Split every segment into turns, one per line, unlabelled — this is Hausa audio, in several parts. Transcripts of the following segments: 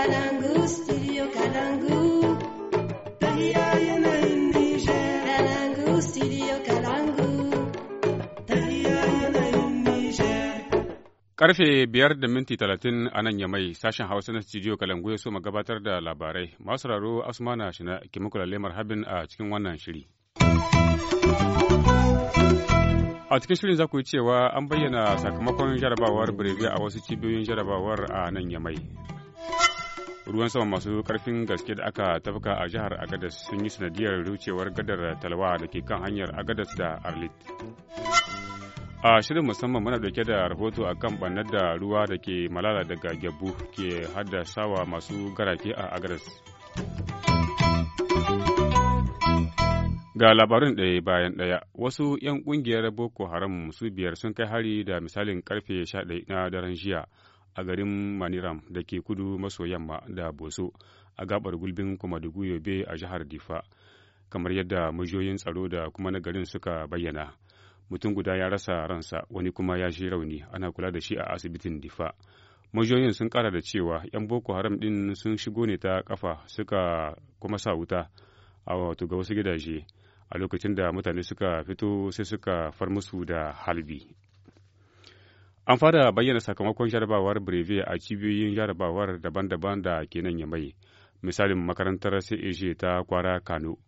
Kalangu,
Karfe biyar da minti talatin a nan yamai sashen Hausa na studio Kalangu ya so gabatar da labarai. Masu raro Asmana Shina ke muku lalemar habin a cikin wannan shiri. A cikin shirin za ku yi cewa an bayyana sakamakon jarabawar Birebe a wasu cibiyoyin jarabawar a nan Yamai. ruwan sama masu karfin gaske da aka tafka a jihar agadas sun yi sanadiyar rucewar gadar talwa da ke kan hanyar agadas da arlit a shirin musamman mana dauke da rahoto a kan ɓannar da ruwa da ke malala daga gyabu ke haddasawa masu garake a agadas ga labarin ɗaya bayan ɗaya wasu 'yan ƙungiyar boko haram su biyar sun kai hari da misalin karfe 11 na daren jiya a garin Maniram da ke kudu maso yamma da Boso a gabar gulbin da Yobe a jihar Difa, kamar yadda majiyoyin tsaro da kuma na garin suka bayyana. Mutum guda ya rasa ransa wani kuma ya shi rauni ana kula da shi a asibitin Difa. Majiyoyin sun kara da cewa 'yan Boko Haram din sun shigo ne ta kafa suka kuma sa wuta a wato ga wasu gidaje a lokacin da mutane suka fito sai suka far musu da halbi. An fara bayyana sakamakon jarabawar Breve a cibiyoyin jarabawar daban-daban da ke nan ya mai, misalin makarantar CAG ta kwara Kano.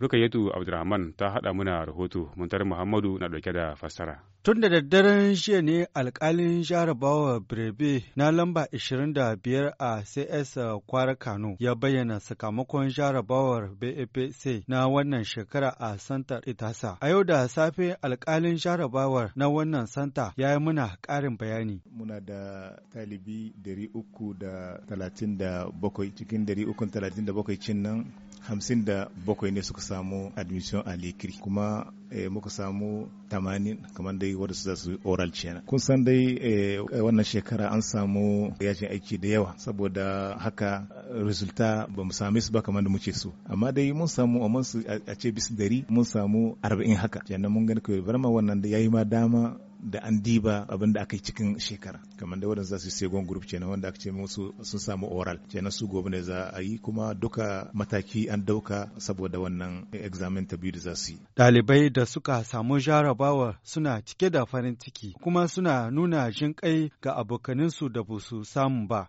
Rukayatu Abdurrahman ta haɗa muna rahoto, Muntar Muhammadu na ɗauke da fassara.
Tun da daddaren jiya ne alkalin jarabawa Birebe na lamba 25 a CS Kwara Kano ya bayyana sakamakon jarabawar BAPC na wannan shekara a Santar Itasa. A yau da safe alkalin jarabawar na wannan santa ya
yi muna ƙarin bayani. Muna da talibi 337 cikin 337 cin nan hamsin da bakwai ne suka samu admission a lekiri kuma eh, muka samu tamanin kamar dai wadda su za su oral kenan kun san dai eh, wannan shekara an samu yajin aiki da yawa saboda haka eh, resulta ba mu same su ba kamar da muke so amma dai mun samu a su a ce bisu dari mun samu arba'in haka kenan mun gani kawai barma wannan da yayi ma dama da an diba abin da aka yi cikin shekara kamar da waɗanda za su second group kenan wanda aka ce musu sun samu oral kenan su gobe ne za a yi kuma duka mataki an dauka saboda wannan examen ta biyu da za su yi
ɗalibai da suka samu jarabawa suna cike da farin ciki kuma suna nuna jin kai ga abokaninsu da ba su samu ba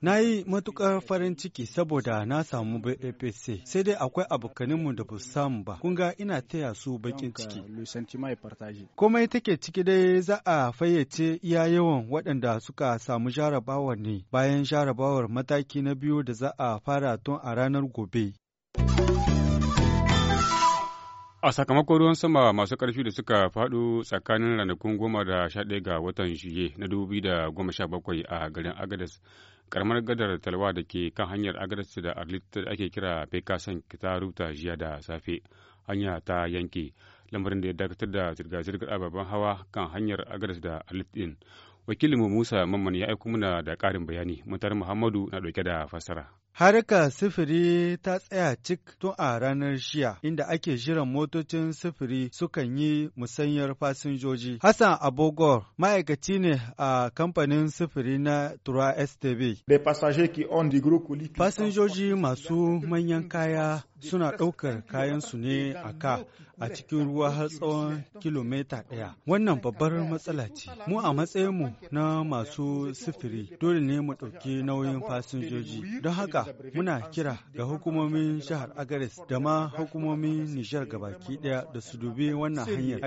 na yi matukar farin ciki saboda na samu bapc sai dai akwai abokaninmu da ba su samu ba kun ga ina taya su bakin ciki komai take ciki dai za a fayyace iya yawan waɗanda suka samu jarabawar ne bayan jarabawar mataki na biyu da za a fara tun a ranar gobe.
A sakamakon ruwan sama masu ƙarfi da suka faɗo tsakanin ranakun goma da sha ɗaya ga watan Juye na dubu da goma sha bakwai a garin Agadas, karamar gadar talwa da ke kan hanyar Agadas da Arlit ake kira Pekasan ta rubuta jiya da safe, hanya ta yanke. lamarin da ya dakatar da zirga-zirgar ababen hawa kan hanyar agadas da alit din mu musa mamman ya aiko muna da karin bayani mutar muhammadu na dauke da fassara
Harika sifiri ta tsaya cik tun a ranar shiya, inda ake jiran motocin sifiri sukan yi musanyar fasinjoji. Hassan Abogor ma'aikaci ne a kamfanin sifiri na Tura STB. Fasinjoji masu manyan kaya suna ɗaukar kayansu ne a ka a cikin ruwa har tsawon kilomita ɗaya. Wannan babbar matsala ce. Mu a matsayin mu na masu sifiri dole ne mu ɗauki nauyin fasinjoji. Don haka muna kira ga hukumomin jihar Agares da ma hukumomin Nijar gabaki ɗaya da su dubi wannan hanyar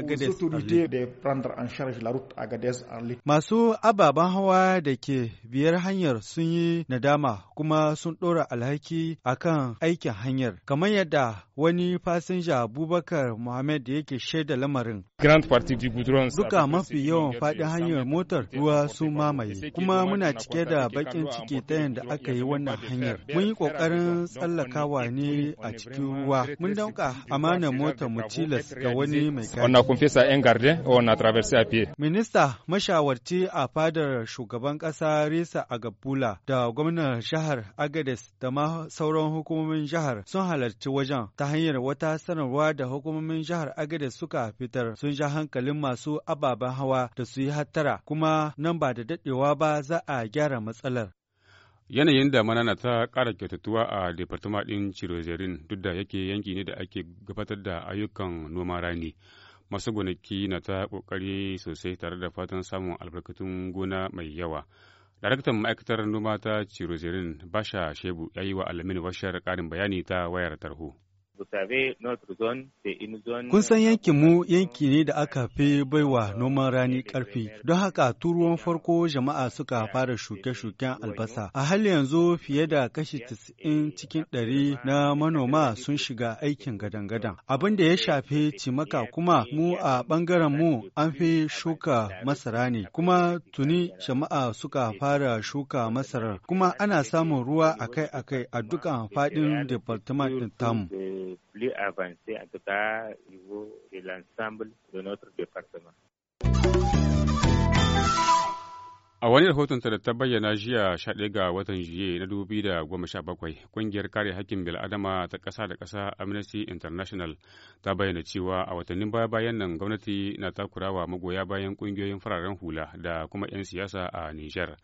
Masu ababen hawa da ke biyar hanyar sun yi nadama kuma sun ɗora alhaki akan aikin hanyar. Kamar yadda wani fasinja Abubakar Mohamed yake shaida lamarin.
Duka mafi yawan faɗin
hanyar motar ruwa sun mamaye, kuma muna cike da bakin ciki ta yadda aka yi wannan hanyar. Mun yi ƙoƙarin tsallakawa ne a cikin ruwa. Mun dauka amanar motar mu tilas ga wani mai
kari.
Minista mashawarci a fadar shugaban ƙasa Risa Agabula da gwamnan jihar Agades da ma sauran hukumomin jihar sun halarci wajen ta hanyar wata sanarwa da hukumomin hukumomin jihar Agadez suka fitar sun ja hankalin masu ababen hawa da su yi hattara kuma nan ba da daɗewa ba za a gyara matsalar.
Yanayin da manana ta kara kyautatuwa a Departama ɗin Cirozerin duk da yake yanki ne da ake gabatar da ayyukan noma rani. Masu gonaki na ta ƙoƙari sosai tare da fatan samun albarkatun gona mai yawa. Daraktan ma'aikatar noma ta Cirozerin Basha Shebu ya yi wa Alamin Bashar ƙarin bayani ta wayar tarho. Kun san yankin mu
yanki ne da aka fi baiwa noman rani ƙarfi, don haka turuwan farko jama'a suka fara shuke-shuken albasa. A hali yanzu fiye da kashi 90 cikin ɗari na manoma sun shiga aikin gadan-gadan. Abin da ya shafi cimaka kuma mu a ɓangaren mu an fi shuka masara ne, kuma tuni jama'a suka fara shuka masarar, kuma ana samun ruwa akai-akai a dukkan faɗin departament
tamu. plus avancé, en tout cas au niveau de l'ensemble de notre département. A wani rahotonta da ta bayyana jiya 11 ga watan Juye na 2017, kungiyar kare hakkin adama ta ƙasa da ƙasa Amnesty International ta bayyana cewa a watannin baya-bayan nan gwamnati na takurawa magoya bayan ƙungiyoyin fararen hula da kuma 'yan siyasa a Nijar.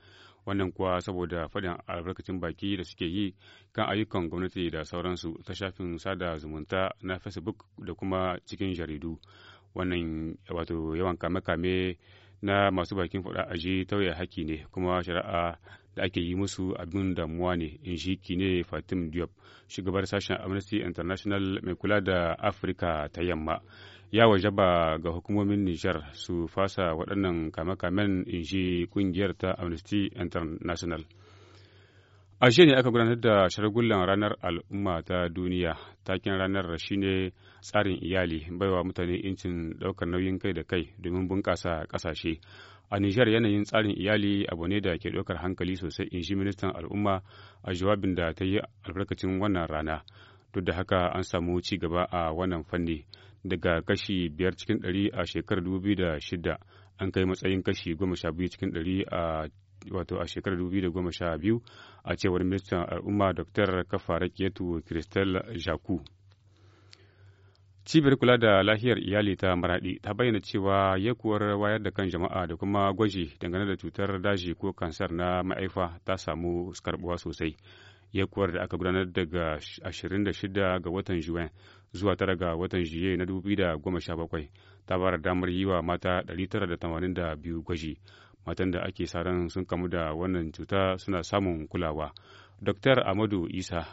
wannan kuwa saboda faɗin albarkacin baki da suke yi kan ayyukan gwamnati da sauransu ta shafin sada zumunta na facebook da kuma cikin jaridu wannan wato yawan kame-kame na masu bakin faɗa aji tauye haki ne kuma shari'a da ake yi musu abin damuwa ne in shi kine fatim diop shugabar sashen amnesty international mai kula da afirka ta yamma ya wajaba ga hukumomin nijar su fasa waɗannan kame-kamen in shi ƙungiyar ta amnesty international a shi ne aka gudanar da shargullan ranar al'umma ta duniya takin ranar shine tsarin iyali baiwa mutane incin ɗaukar nauyin kai da kai domin bunƙasa ƙasashe a Nijar yanayin tsarin iyali abu ne da ke ɗaukar hankali sosai in shi ministan al'umma a jawabin da ta yi albarkacin wannan rana. Duk da haka an samu ci gaba a wannan fanni daga kashi biyar cikin ɗari a shekarar dubu da shida an kai matsayin kashi goma sha biyu cikin ɗari a wato a shekarar dubu da goma sha biyu a cewar ministan al'umma Dr. Kafa Rakiyatu Christelle Jaku. cibiyar kula da lafiyar iyali ta maradi ta bayyana cewa yakuwar wayar da kan jama'a da kuma gwaji dangane da cutar daji ko kansar na ma'aifa ta samu karbuwa sosai yakuwar da aka gudanar daga 26 ga watan juin zuwa 9 ga watan juye na 2017 ta bara damar yi wa mata 982 gwaji matan da ake sa ran sun kamu da wannan cuta suna samun kulawa dr amadu isa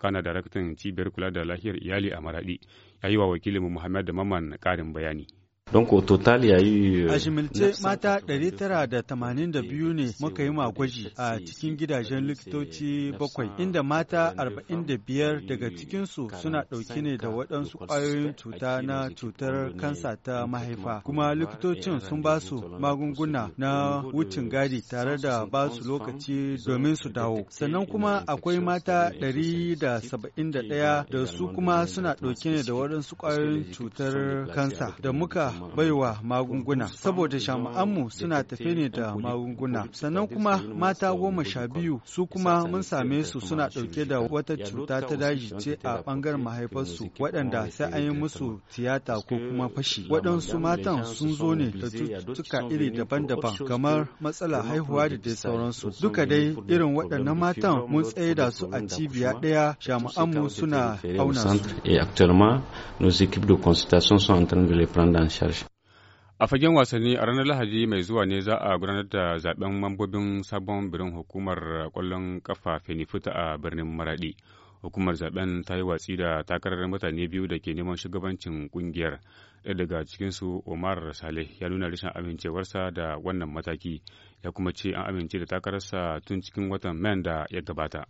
kana daraktan cibiyar kula da lafiyar iyali a maradi ya yi wa wakilin muhammad maman karin bayani Don ko
total ya yi. A shimilce euh, mata 982 ne muka yi magwaji a cikin gidajen likitoci bakwai inda mata 45 daga cikinsu suna ɗauki ne da waɗansu ƙwayoyin cuta na cutar kansa ta mahaifa kuma likitocin sun ba su magunguna na wucin gadi tare da ba su lokaci domin su dawo. Sannan kuma akwai mata 171 da su kuma suna ɗauki ne da waɗansu ƙwayoyin cutar kansa da muka baiwa magunguna saboda shama'anmu suna tafe ne da magunguna sannan kuma mata goma sha biyu su kuma mun same su suna ɗauke da wata cuta ta daji ce a ɓangaren mahaifarsu waɗanda sai an yi musu tiyata ko kuma fashi waɗansu matan sun zo ne da cututtuka iri daban-daban kamar matsala haihuwa da dai sauransu duka dai irin waɗannan matan mun tsaye da su a cibiya ɗaya shama'anmu suna auna su.
shi. A fagen wasanni a ranar Lahadi mai zuwa ne za a gudanar da zaben mambobin sabon birnin hukumar kwallon kafa Fenifuta a birnin Maradi. Hukumar zaben ta yi watsi da takarar mutane biyu da ke neman shugabancin kungiyar. Ɗaya daga cikinsu Omar Saleh ya nuna rashin amincewarsa da wannan mataki ya kuma ce an amince da takararsa tun cikin watan man da ya gabata.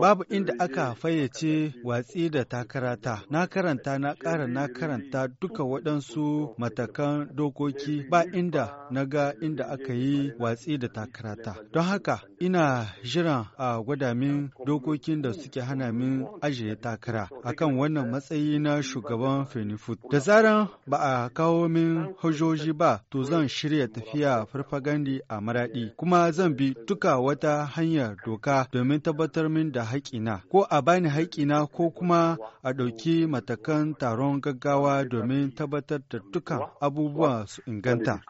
Babu inda aka fayyace watsi da takarata, na karanta na ƙara na karanta duka waɗansu matakan dokoki ba inda na ga inda aka yi watsi da takarata. Don haka ina jiran a gwada min dokokin da suke hana min ajiye takara a kan wannan matsayi na shugaban Fenifut. Da zaran ba a kawo min hujjoji ba, to zan shirya tafiya farfagandi a maraɗi, kuma zan bi duka wata hanyar doka. doka domin tabbatar min da haƙina, ko a bani haƙina ko kuma a ɗauki matakan taron gaggawa domin tabbatar da dukkan abubuwa su inganta.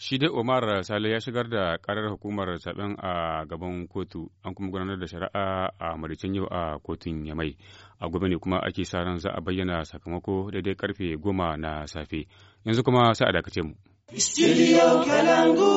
Shi dai Omar Sale ya shigar da karar hukumar zaben a gaban kotu an kuma gudanar da shari'a a maricin yau a kotun Yamai. A gobe ne kuma ake sa ran za a bayyana sakamako daidai karfe goma na safe. Yanzu kuma sai a dakace mu. Studio
Kalangu.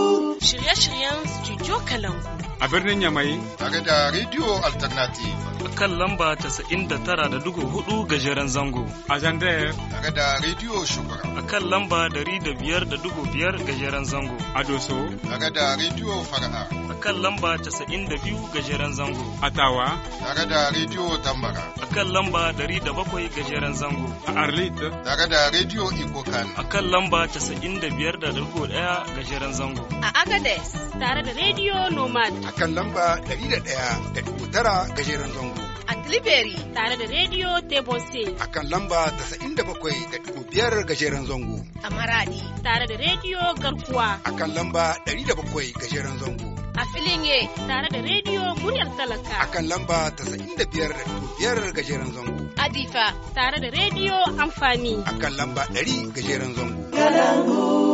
Shirye-shiryen Studio Kalangu. a birnin Yamai. Tare da Radio Alternative. A kan lamba da tara da dugu hudu
gajeren zango.
A Zandaya. Tare da Radio Shugura. A kan lamba dari da biyar da dugu biyar gajeren zango. A Doso. Tare da Radio Fara'a. A kan lamba casa'in
da biyu gajeren zango. A Tawa.
Tare da Radio Tambara.
A kan lamba dari da bakwai gajeren zango. A Arlit. Tare da Radio Ikokan. A kan lamba casa'in
da biyar da dugu ɗaya gajeren zango. A Agades. Tare da Radio Nomad. a kan lamba 101.9 gajeren zango. A Tilibiri tare da Radio Tebose. A kan lamba 97.5 gajeren zango. A Maradi tare da Radio Garkuwa. A kan lamba 107 gajeren zango. a filin tare da rediyo muryar talaka a kan lamba ta da biyar da biyar gajeren zango Difa tare da rediyo amfani a kan lamba ɗari gajeren zango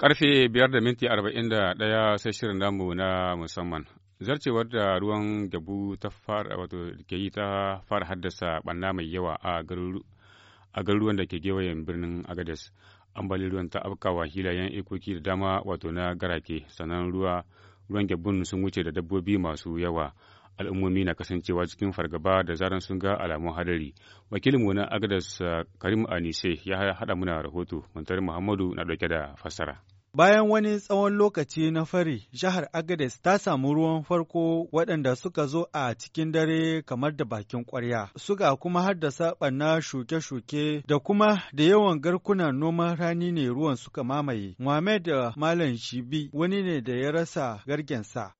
Karfe biyar da minti arba'in da ɗaya sai shirin namu na musamman. Zarcewar da ruwan gabu ta fara wato ke yi ta fara haddasa ɓanna mai yawa a garuruwan da ke gewayen birnin Agadez. ambalin ruwan ta afkawa hilayen ikoki da dama wato na garake sannan ruwa ruwan gyabun sun wuce da dabbobi masu yawa al'ummomi na kasancewa cikin fargaba da zaran sun ga alamun hadari wakilin mu na agadas karim anise ya haɗa muna rahoto muntar muhammadu na ɗauke da fassara
Bayan wani tsawon lokaci na fari, jihar Agades ta samu ruwan farko waɗanda suka zo a cikin dare kamar da bakin ƙwarya, suka kuma haddasa ɓanna shuke-shuke da kuma da yawan garkunan noman rani ne ruwan suka mamaye. Muhammad Malam Shibi wani ne da ya rasa gargensa.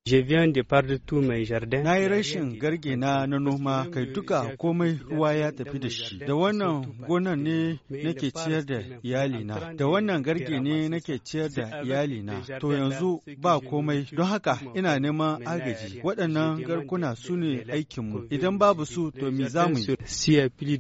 Na yi rashin gargina na noma kai duka komai ruwa ya tafi da shi. Da wannan gonan ne nake ciyar da iyalina, da wannan garge ne nake ciyar da da iyalina to yanzu ba komai don haka ina neman agaji waɗannan garkuna su ne aikinmu idan babu su to mi za mu yi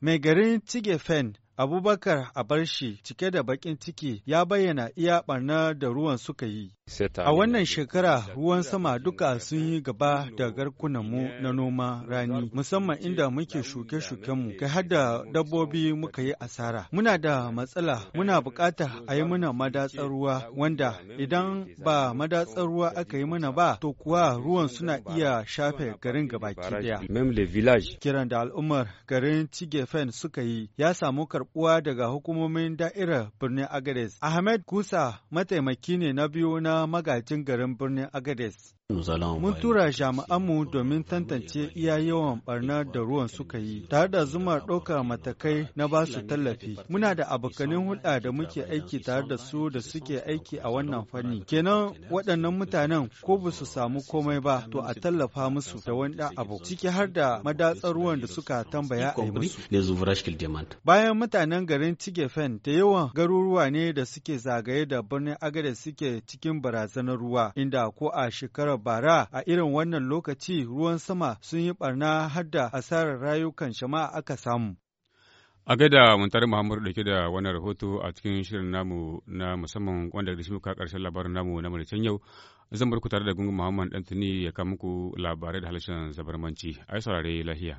mai garin fen abubakar a abarshi cike da bakin ciki ya bayyana iya barna da ruwan suka yi A wannan shekara ruwan sama duka sun yi gaba da garkunanmu na noma rani, musamman inda muke shuke-shukenmu, ga har da dabbobi muka yi asara. Muna da matsala, muna bukata a yi mana madatsar ruwa, wanda idan ba madatsar ruwa aka yi mana ba, to kuwa ruwan suna iya shafe garin gabaki daya. Kiran da al'ummar garin Cigefen suka yi ya samu karbuwa daga hukumomin da'irar birnin Agades. Ahmed Kusa mataimaki ne na biyu na magajin garin birnin Agades. Mun tura mu domin tantance iya yawan barna da ruwan suka yi, tare da zuma ɗaukar matakai na ba su tallafi. Muna da abokanin hulɗa da muke aiki tare da su da suke aiki a wannan fanni. Kenan waɗannan mutanen ko ba su samu komai ba, to a tallafa musu da wani abu, ciki har da madatsar ruwan da suka tambaya a yi musu. Bayan mutanen garin Tigefen da yawan garuruwa ne da suke zagaye da birnin Agades suke cikin barazanar ruwa, inda ko a shekarar bara a irin wannan lokaci ruwan sama sun yi barna har da asarar rayukan jama'a aka samu.
A gaida Muntari Muhammadu dauke da wannan rahoto a cikin shirin namu na musamman wanda da shi muka karshen labarin namu na Mauricen yau, zan barku tare da gungun Muhammad dan tuni ya kawo muku labarai da halashen zabarmanci. A yi saurare lahiya.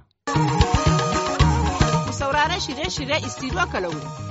Sauraron shirye-shirye Istiro Kalau.